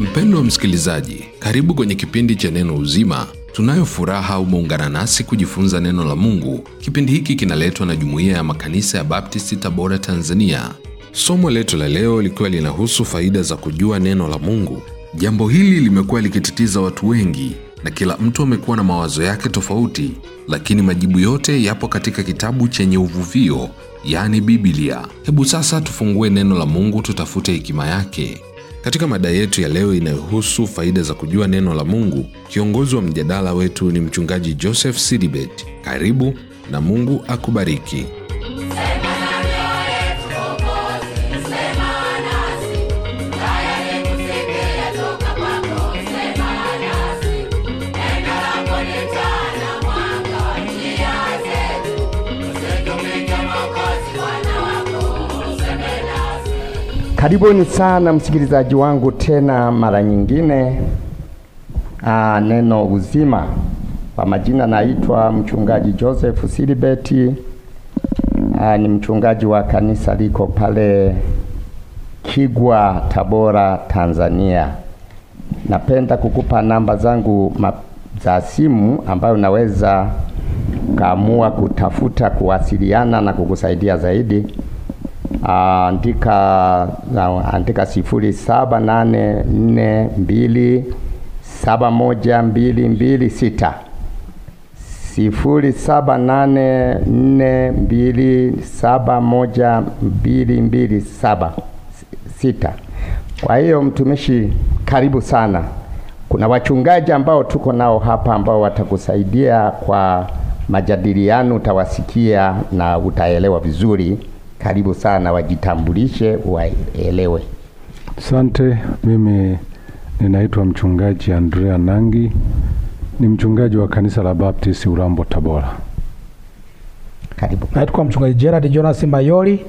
Mpendo wa msikilizaji, karibu kwenye kipindi cha Neno Uzima. Tunayo furaha umeungana nasi kujifunza neno la Mungu. Kipindi hiki kinaletwa na Jumuiya ya Makanisa ya Baptisti, Tabora, Tanzania. Somo letu la leo likiwa linahusu faida za kujua neno la Mungu. Jambo hili limekuwa likitatiza watu wengi na kila mtu amekuwa na mawazo yake tofauti, lakini majibu yote yapo katika kitabu chenye uvuvio, yani Biblia. Hebu sasa tufungue neno la Mungu, tutafute hekima yake. Katika mada yetu ya leo inayohusu faida za kujua neno la Mungu, kiongozi wa mjadala wetu ni mchungaji Joseph Sidibet. Karibu na Mungu akubariki. Karibuni sana msikilizaji wangu tena mara nyingine. Aa, ah, neno uzima. Kwa majina naitwa mchungaji Joseph Silibeti. Aa, ah, ni mchungaji wa kanisa liko pale Kigwa, Tabora, Tanzania. Napenda kukupa namba zangu za simu ambayo unaweza kaamua kutafuta kuwasiliana na kukusaidia zaidi. Ah, andika, ah, andika sifuri saba nane nne mbili saba moja mbili mbili sita sifuri saba nane nne mbili saba moja mbili mbili saba sita. Kwa hiyo mtumishi, karibu sana. Kuna wachungaji ambao tuko nao hapa ambao watakusaidia kwa majadiliano, utawasikia na utaelewa vizuri karibu sana, wajitambulishe waelewe. Sante. Mimi ninaitwa mchungaji Andrea Nangi, ni mchungaji wa kanisa la Baptist Urambo, Tabora. Karibu. Naitwa mchungaji Gerard Jonas Mayoli,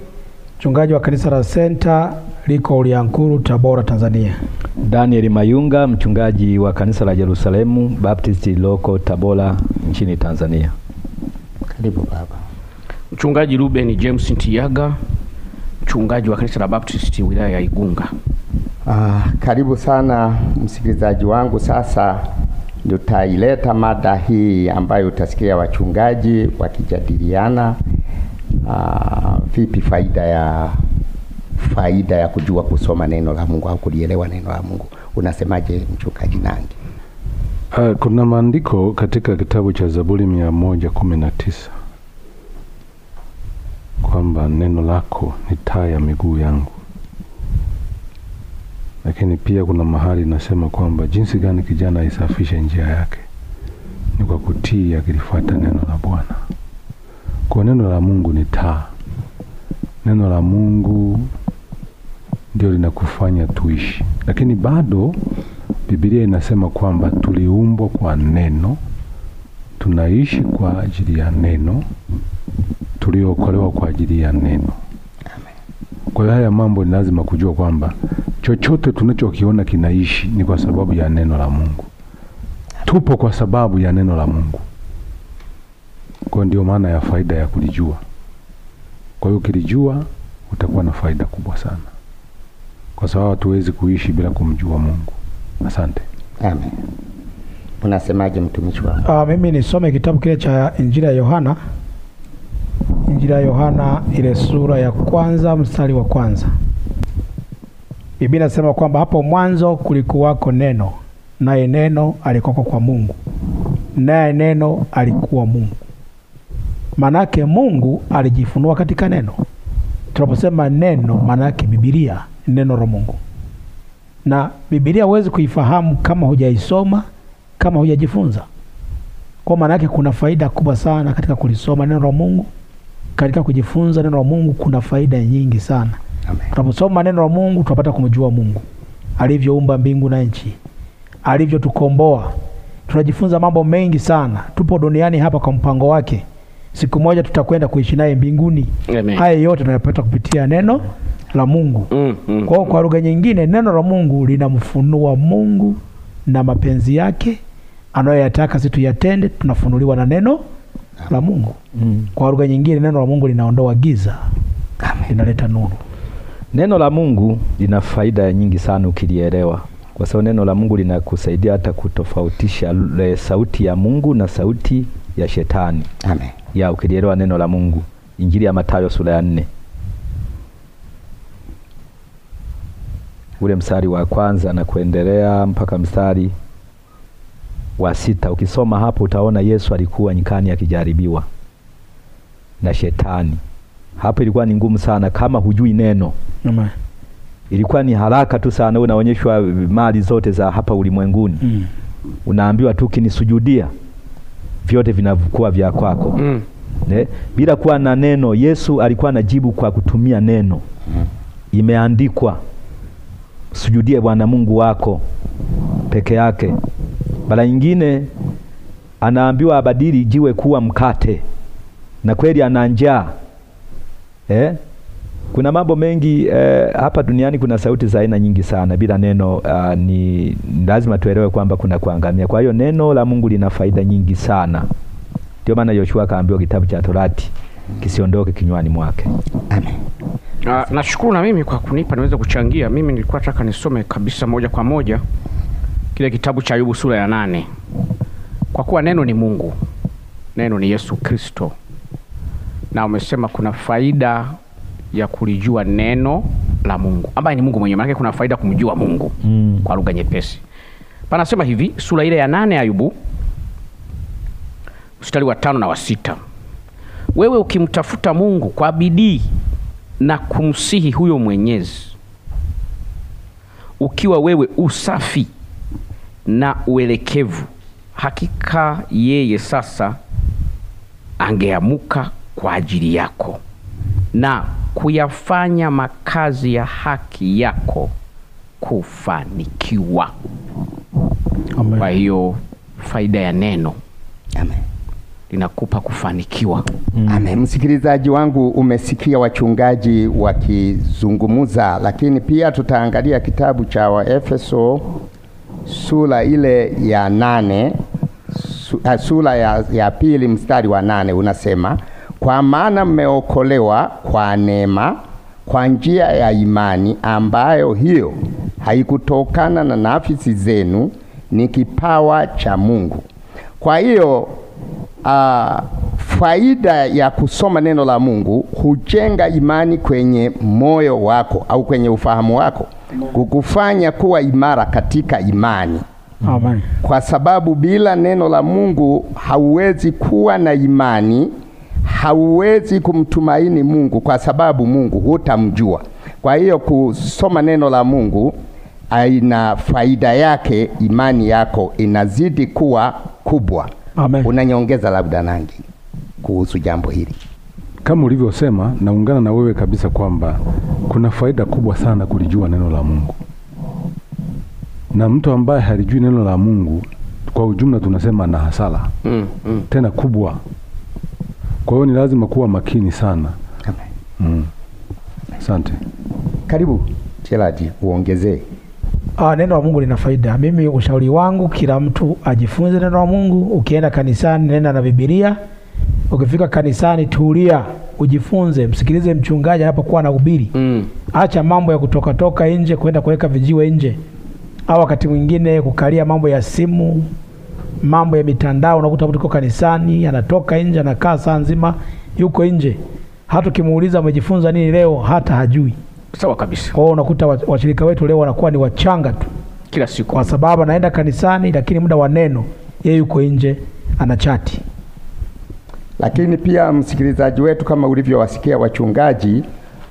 mchungaji wa kanisa la Center liko Uliankuru, Tabora, Tanzania. Daniel Mayunga, mchungaji wa kanisa la Yerusalemu Baptist loko Tabora nchini Tanzania. Karibu baba. Mchungaji Ruben James Ntiyaga, mchungaji wa kanisa la Baptisti wilaya ya Igunga. Ah, karibu sana msikilizaji wangu. Sasa tutaileta mada hii ambayo utasikia wachungaji wakijadiliana ah, vipi faida ya faida ya kujua kusoma neno la Mungu au kulielewa neno la Mungu. Unasemaje mchungaji Nangi? Ah, kuna maandiko katika kitabu cha Zaburi mia moja kumi na tisa kwamba neno lako ni taa ya miguu yangu. Lakini pia kuna mahali nasema kwamba jinsi gani kijana aisafishe njia yake ni kwa kutii, akilifuata neno la Bwana. Kwa neno la Mungu ni taa. Neno la Mungu ndio linakufanya tuishi, lakini bado Biblia inasema kwamba tuliumbwa kwa neno, tunaishi kwa ajili ya neno, tuliokolewa kwa ajili ya neno. Kwa hiyo haya mambo ni lazima kujua kwamba chochote tunachokiona kinaishi ni kwa sababu ya neno la Mungu. Tupo kwa sababu ya neno la Mungu. Kwa ndio maana ya faida ya kulijua. Kwa hiyo ukilijua utakuwa na faida kubwa sana, kwa sababu hatuwezi kuishi bila kumjua Mungu. Asante. Amen. Unasemaje mtumishi wangu? Ah, mimi nisome kitabu kile cha Injili ya Yohana Injili ya Yohana ile sura ya kwanza mstari wa kwanza. Biblia inasema kwamba hapo mwanzo kulikuwako neno, naye neno alikuwa kwa Mungu, naye neno alikuwa Mungu. Manake Mungu alijifunua katika neno. Tunaposema neno, manake Biblia, neno la Mungu. Na Biblia huwezi kuifahamu kama hujaisoma, kama hujajifunza. Kwa maana yake kuna faida kubwa sana katika kulisoma neno la Mungu katika kujifunza neno la Mungu kuna faida nyingi sana. Tunaposoma neno la Mungu tunapata kumjua Mungu alivyoumba mbingu na nchi, alivyotukomboa. Tunajifunza mambo mengi sana. Tupo duniani hapa kwa mpango wake, siku moja tutakwenda kuishi naye mbinguni. Haya yote tunayapata kupitia neno la Mungu. Mm, mm, kwa hiyo kwa lugha nyingine, neno la Mungu linamfunua Mungu na mapenzi yake anayoyataka sisi tuyatende, tunafunuliwa na neno la Mungu mm. Kwa lugha nyingine, neno la Mungu linaondoa giza, linaleta nuru. Neno la Mungu lina faida nyingi sana ukilielewa, kwa sababu neno la Mungu linakusaidia hata kutofautisha eh, sauti ya Mungu na sauti ya shetani. Amen. Ya ukilielewa neno la Mungu, Injili ya Mathayo sura ya nne ule mstari wa kwanza na kuendelea mpaka mstari wa sita. Ukisoma hapo utaona Yesu alikuwa nyikani akijaribiwa na shetani. Hapo ilikuwa ni ngumu sana kama hujui neno. Amen. Ilikuwa ni haraka tu sana, unaonyeshwa mali zote za hapa ulimwenguni mm. Unaambiwa tu kinisujudia, vyote vinakuwa vya kwako mm. Bila kuwa na neno. Yesu alikuwa anajibu kwa kutumia neno mm. Imeandikwa, sujudie Bwana Mungu wako peke yake. Mara nyingine anaambiwa abadili jiwe kuwa mkate, na kweli ana njaa eh? Kuna mambo mengi eh, hapa duniani kuna sauti za aina nyingi sana bila neno. Uh, ni lazima tuelewe kwamba kuna kuangamia. Kwa hiyo neno la Mungu lina faida nyingi sana, ndio maana Yoshua akaambiwa kitabu cha Torati kisiondoke kinywani mwake. Amen. Ah, nashukuru na mimi kwa kunipa niweze kuchangia. Mimi nilikuwa nataka nisome kabisa moja kwa moja kile kitabu cha Ayubu sura ya nane, kwa kuwa neno ni Mungu, neno ni Yesu Kristo, na umesema kuna faida ya kulijua neno la Mungu ambaye ni Mungu mwenyewe. Maanake kuna faida kumjua Mungu mm. Kwa lugha nyepesi panasema hivi, sura ile ya nane Ayubu mstari wa tano na wa sita wewe ukimtafuta Mungu kwa bidii na kumsihi huyo Mwenyezi, ukiwa wewe usafi na uelekevu, hakika yeye sasa angeamuka kwa ajili yako na kuyafanya makazi ya haki yako kufanikiwa. Amen. Kwa hiyo faida ya neno Amen. linakupa kufanikiwa. Mm. Amen. Msikilizaji wangu, umesikia wachungaji wakizungumuza, lakini pia tutaangalia kitabu cha Waefeso sura ile ya nane eh, sura ya, ya pili mstari wa nane unasema, kwa maana mmeokolewa kwa neema, kwa njia ya imani, ambayo hiyo haikutokana na nafsi zenu, ni kipawa cha Mungu. Kwa hiyo uh, Faida ya kusoma neno la Mungu hujenga imani kwenye moyo wako au kwenye ufahamu wako, kukufanya kuwa imara katika imani. Amen. Kwa sababu bila neno la Mungu hauwezi kuwa na imani, hauwezi kumtumaini Mungu kwa sababu Mungu hutamjua. Kwa hiyo kusoma neno la Mungu aina faida yake, imani yako inazidi kuwa kubwa. Amen. Unanyongeza labda nangi kuhusu jambo hili. Kama ulivyosema, naungana na wewe kabisa kwamba kuna faida kubwa sana kulijua neno la Mungu, na mtu ambaye halijui neno la Mungu kwa ujumla tunasema na hasara mm, mm. tena kubwa. Kwa hiyo ni lazima kuwa makini sana. Mm. Asante mm. Karibu Chelaji, uongezee. Ah, neno la Mungu lina faida. Mimi ushauri wangu kila mtu ajifunze neno la Mungu. Ukienda kanisani, nenda na Biblia Ukifika kanisani, tulia, ujifunze, msikilize mchungaji anapokuwa anahubiri. Mm. Acha mambo ya kutokatoka nje kwenda kuweka vijiwe nje, au wakati mwingine kukalia mambo ya simu, mambo ya mitandao. Unakuta mtu kanisani anatoka nje, anakaa saa nzima yuko nje, hata ukimuuliza umejifunza nini leo, hata hajui. Sawa kabisa. Kwa hiyo unakuta washirika wetu leo wanakuwa ni wachanga tu kila siku, kwa sababu anaenda kanisani, lakini muda wa neno yeye yuko nje, anachati chati. Lakini pia msikilizaji wetu, kama ulivyowasikia wachungaji,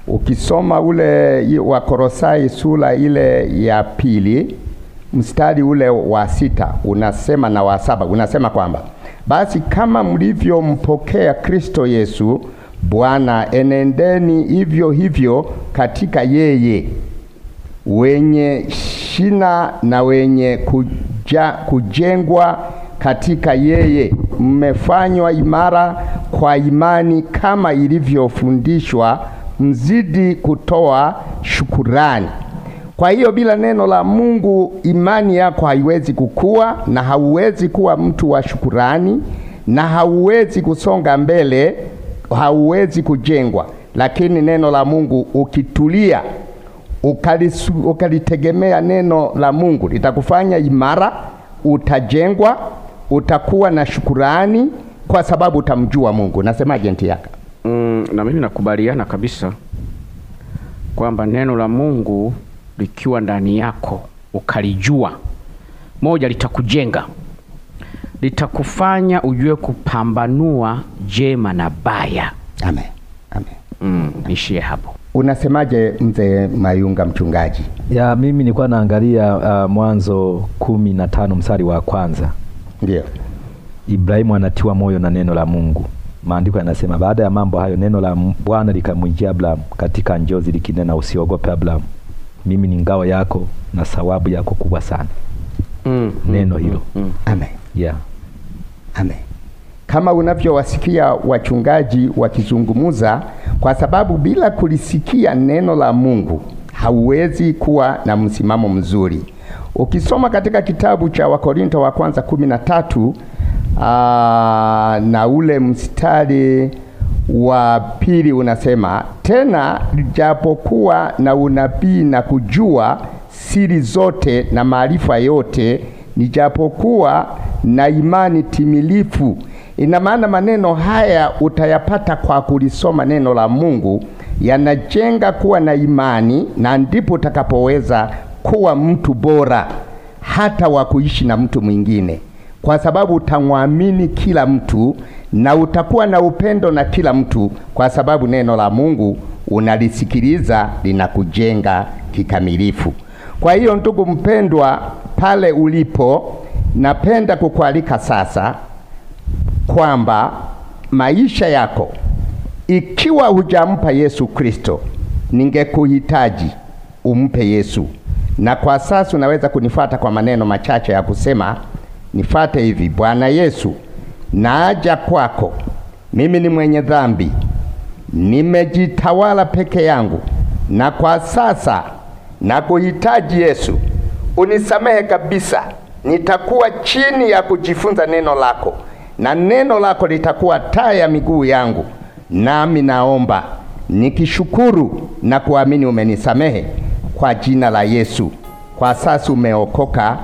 ukisoma ule wa Korosai sura ile ya pili mstari ule wa sita unasema na wa saba unasema kwamba basi kama mlivyompokea Kristo Yesu Bwana, enendeni hivyo hivyo katika yeye, wenye shina na wenye kuja, kujengwa katika yeye mmefanywa imara kwa imani kama ilivyofundishwa, mzidi kutoa shukurani. Kwa hiyo bila neno la Mungu imani yako haiwezi kukua, na hauwezi kuwa mtu wa shukurani, na hauwezi kusonga mbele, hauwezi kujengwa. Lakini neno la Mungu ukitulia, ukalitegemea neno la Mungu, litakufanya imara, utajengwa utakuwa na shukurani kwa sababu utamjua Mungu. Nasema ajenti yaka mm, na mimi nakubaliana kabisa kwamba neno la Mungu likiwa ndani yako ukalijua, moja, litakujenga litakufanya ujue kupambanua jema na baya. Amen. Amen. Mm, nishie hapo. Unasemaje mzee Mayunga mchungaji? Ya, mimi nilikuwa naangalia uh, Mwanzo kumi na tano mstari wa kwanza ndio. Ibrahimu anatiwa moyo na neno la Mungu. Maandiko yanasema baada ya mambo hayo neno la Bwana likamwijia Abrahamu katika njozi likinena, usiogope Abrahamu, mimi ni ngao yako na sawabu yako kubwa sana. mm, mm neno mm, hilo mm, mm. Amen. Yeah. Amen. Kama unavyowasikia wachungaji wakizungumza, kwa sababu bila kulisikia neno la Mungu hauwezi kuwa na msimamo mzuri. Ukisoma katika kitabu cha Wakorinto wa kwanza kumi na tatu ah, na ule mstari wa pili unasema tena, japokuwa na unabii na kujua siri zote na maarifa yote, nijapokuwa na imani timilifu. Ina maana maneno haya utayapata kwa kulisoma neno la Mungu, yanajenga kuwa na imani, na ndipo utakapoweza kuwa mtu bora hata wa kuishi na mtu mwingine, kwa sababu utamwamini kila mtu na utakuwa na upendo na kila mtu, kwa sababu neno la Mungu unalisikiliza linakujenga kikamilifu. Kwa hiyo ndugu mpendwa, pale ulipo, napenda kukualika sasa kwamba maisha yako ikiwa hujampa Yesu Kristo, ningekuhitaji umpe Yesu na kwa sasa unaweza kunifata kwa maneno machache ya kusema, nifate hivi: Bwana Yesu, naaja kwako, mimi ni mwenye dhambi, nimejitawala peke yangu, na kwa sasa nakuhitaji Yesu, unisamehe kabisa. Nitakuwa chini ya kujifunza neno lako, na neno lako litakuwa taa ya miguu yangu, nami naomba nikishukuru na kuamini umenisamehe kwa jina la Yesu. Kwa sasa umeokoka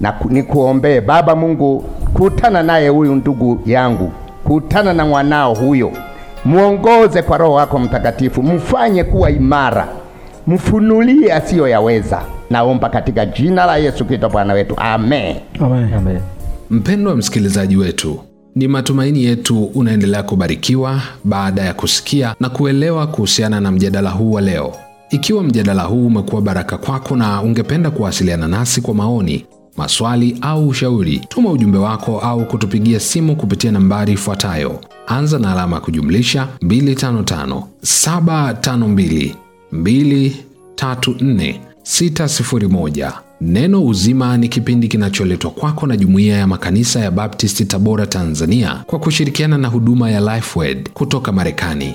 na nikuombee. Baba Mungu, kutana naye huyu ndugu yangu, kutana na mwanao huyo, muongoze kwa Roho wako Mtakatifu, mfanye kuwa imara, mfunulie asiyo yaweza Naomba katika jina la Yesu Kristo Bwana wetu, amen. Amen. Amen. wa msikilizaji wetu, ni matumaini yetu unaendelea kubarikiwa baada ya kusikia na kuelewa kuhusiana na mjadala huu wa leo. Ikiwa mjadala huu umekuwa baraka kwako na ungependa kuwasiliana nasi kwa maoni, maswali au ushauri, tuma ujumbe wako au kutupigia simu kupitia nambari ifuatayo: anza na alama ya kujumlisha 255 752 234 601. Neno Uzima ni kipindi kinacholetwa kwako na Jumuiya ya Makanisa ya Baptisti Tabora, Tanzania, kwa kushirikiana na huduma ya Lifewed kutoka Marekani.